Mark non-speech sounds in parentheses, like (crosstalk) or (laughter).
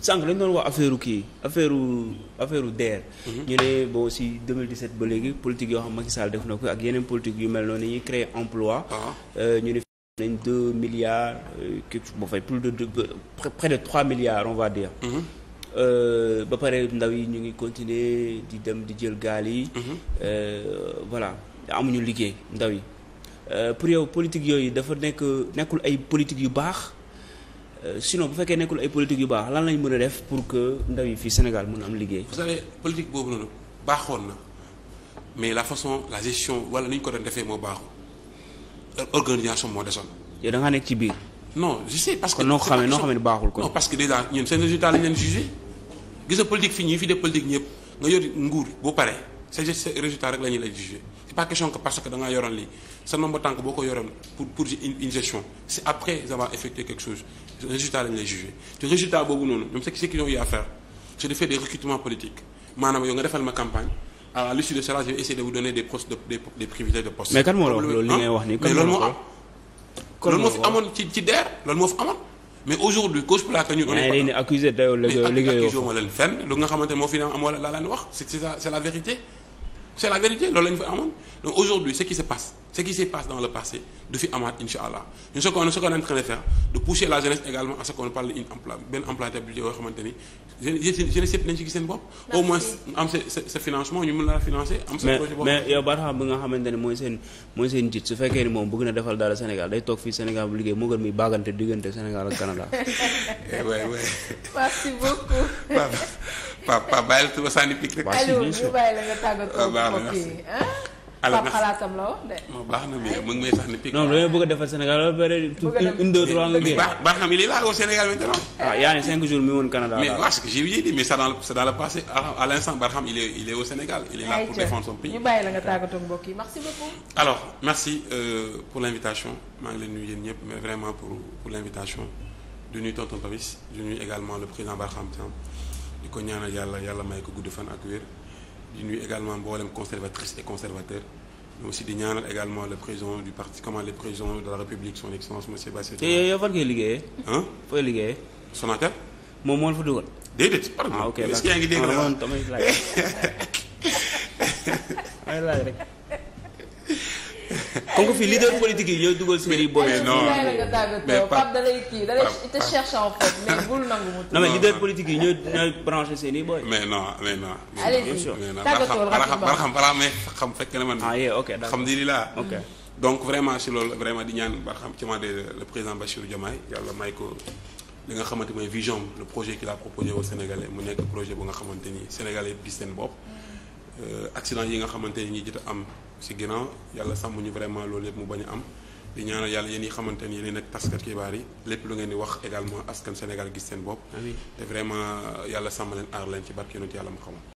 sànq lañ doon wax affaire kii affaire affaire DER. Mhm. ñu ne bon si 2017 ba léegi politique yoo xam Macky Sall def na ko ak yeneen politique yu mel noonu ñuy créer emploi. Ah. Euh, ñu ne nañ deux milliards euh, quelque bon fay plus de trois milliards on va mhm. euh, ba pare ndaw yi ñu ngi continuer di dem di jël gaal yi. Mhm. voilà amuñu liggéey ndaw yi pour yow politique yooyu dafa nekk nekkul ay politique yu baax. Euh, sinon bu fekkee nekkul ay politique yu baax lan lañ mën a def pour que ndaw yi fii Sénégal mën am liggéey. vous savez politique boobu noonu baaxoon na mais la façon la gestion wala ni ñu ko doon defee moo baaxul organisation moo desoon. yow da nekk ci biir. non je sais parce que. noo xamee noo xamee baaxul ko. parce que déjà ñun seen résultat lañ leen jugé gis nga politique fii ñi fi def politique ñëpp nga yor nguur boo paree sa résultat rek la ñu lay jugé. pas parce que da yoroon lii sa nombre tànk boo ko yoroon pour pour une gestion c'est après avoir effectué quelque chose résultat lañ lay juger te résultat boobu noonu ñoom ce qu'ils c'est de faire des recrutements politiques maanaam yow nga defal ma campagne à l'issue de cela je vais essayer de vous donner des postes des des privilèges de poste. mais kan moo loolu li ngay wax ni mais moo loolu moo fi amoon ci ci loolu moo fi amoon. mais aujourd'hui c'est la vérité loolu la ñu fa amoon donc aujourd'hui ce qui se passe ce qui se passe dans le passé du fi amaat insha allah ñu ce qu'on ce qu'on est en train de faire de pousser la jeunesse également à ce qu'on parle une emploi benn employabilité xamante ni jeunesse yëpp nañ ci seen bopp au moins am sa sa financement ñu mën laa financer am sa projet bopp mais yow Barham bi nga xamante ne mooy seen mooy su fekkee ni moom bëgg na defal dara Sénégal day toog fii (laughs) (laughs) papa bàyyil tuba sànni picc rek. allo ñu bàyyi la nga tàggatoo ah, mbokk yi alors ah, nag xalaatam la woon de. moo baax na mais mu ngi may sànni picc. non loolu bëgg a defal Sénégal loolu bëri une deux trois nga génn. baax baax na mais lii laa au Sénégal maintenant. ah yaa ne cinq jours mi woon Canada. mais waaw ce que j'ai dit mais ça dans ça dans le passé ah, à l'instant Barham il est il est au Sénégal. il est la nga tàggatoo mbokk yi merci beaucoup. alors merci euh, pour l'invitation maa ngi leen nuyu yéen ñëpp mais vraiment pour pour l'invitation du nuyu tonton Babis du nuyu également le président Barham di ko ñaanal yàlla yàlla may ko gudd fan ak wér di nuyu également mboolem conservatrice et conservateur mais aussi di ñaanal également le président du parti comment le président de la république son excellence monsieur Bassirou. te yow fan ngay liggéeyee. ah fooy liggéeyee. Sonatel. moom moo la fa dugal. déedéet pardon. ah ok d'accord est-ce yaa ngi dégg ah, la. (laughs) damay laaj rek. kon ko fii leader politique yi ñooy dugal seen i bopp. non mais Pape da lay kii da lay te cherche en fait mais (laughs) bul nangu mu. non mais leader politique yi ñooy ñooy branché seen i bopp. mais non mais non. allez-y tàggatoo xam balaa may xam fekk na man. ah yee ok d'accord alhamdulilah. ok donc vraiment si loolu vraiment di ñaan ba xam ci ma de le président Bassirou Diomaye yàlla may ko. li nga xamante mooy vision le projet qu'il a proposé aux Sénégalais mu nekk projet bu nga xamante ni Sénégalais bi seen bopp mm. euh, accident yi nga xamante ni ñi jot a am si ginnaaw yàlla sàmm ñu vraiment loolu yëpp mu bañ a am di ñaanal yàlla yéen yi xamante ni yéen nag taskat xibaar yi lépp lu ngeen di wax également askan Sénégal gis seen bopp te vraiment yàlla sàmm leen aar leen ci barke yonent yàlla mu xamal